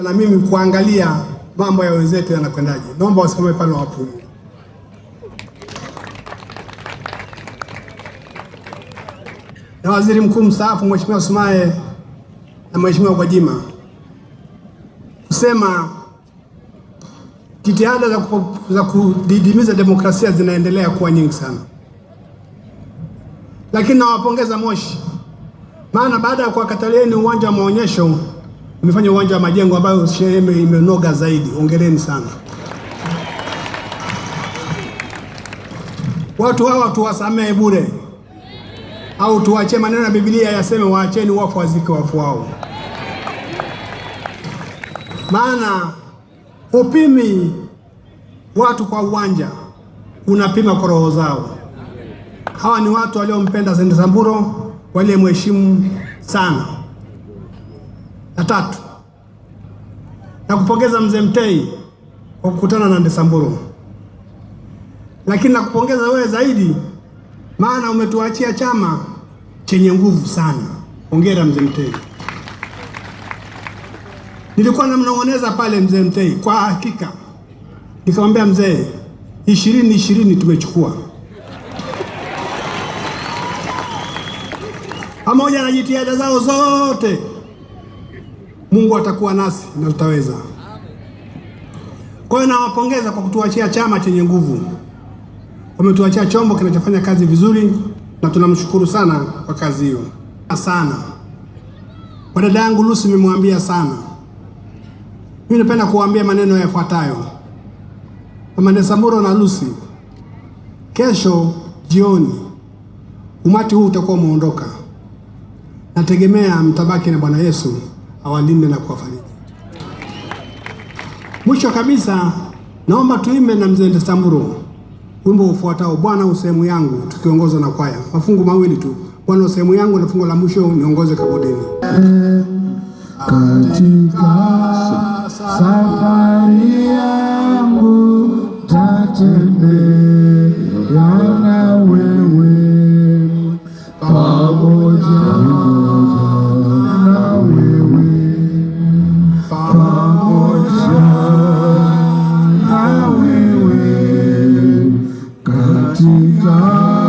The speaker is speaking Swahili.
na mimi kuangalia mambo ya wenzetu yanakwendaje. Naomba wasimame pale wapumue. Na waziri mkuu mstaafu Mheshimiwa Sumaye na Mheshimiwa Gwajima kusema jitihada za kudidimiza demokrasia zinaendelea kuwa nyingi sana, lakini nawapongeza Moshi, maana baada ya kuwakatalieni uwanja wa maonyesho mmefanya uwanja wa majengo ambayo shehe imenoga zaidi. ongereni sana. Watu hawa tuwasamehe bure au tuwache? Maneno ya Biblia yaseme waacheni wafu wazike wafu wao, maana upimi watu kwa uwanja unapima kwa roho zao. Hawa ni watu waliompenda Sendesamburo, waliyemheshimu sana na tatu na kupongeza mzee Mtei kwa kukutana na Ndesamburu, lakini nakupongeza wewe zaidi, maana umetuachia chama chenye nguvu sana. Hongera mzee Mtei. Nilikuwa namnong'oneza pale mzee Mtei, kwa hakika nikamwambia mzee, ishirini ishirini tumechukua pamoja na jitihada zao zote Mungu atakuwa nasi na tutaweza. Kwa hiyo nawapongeza kwa kutuachia chama chenye nguvu, wametuachia chombo kinachofanya kazi vizuri, na tunamshukuru sana kwa kazi hiyo sana. Kwa dada yangu Lucy nimemwambia sana, mimi napenda kuwaambia maneno yafuatayo. Kamanda Samburo na Lucy, kesho jioni umati huu utakuwa umeondoka, nategemea mtabaki na Bwana Yesu awalinde na kuwafariji. Mwisho kabisa, naomba tuimbe na mzee Ndesamburo wimbo ufuatao, Bwana usehemu yangu, tukiongozwa na kwaya. Mafungu mawili tu, Bwana usehemu yangu na fungu la mwisho, niongoze kabodeni katika safari yangu tatembea na wewe pamoja Jesus.